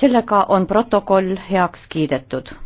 sellega on protokoll heaks kiidetud.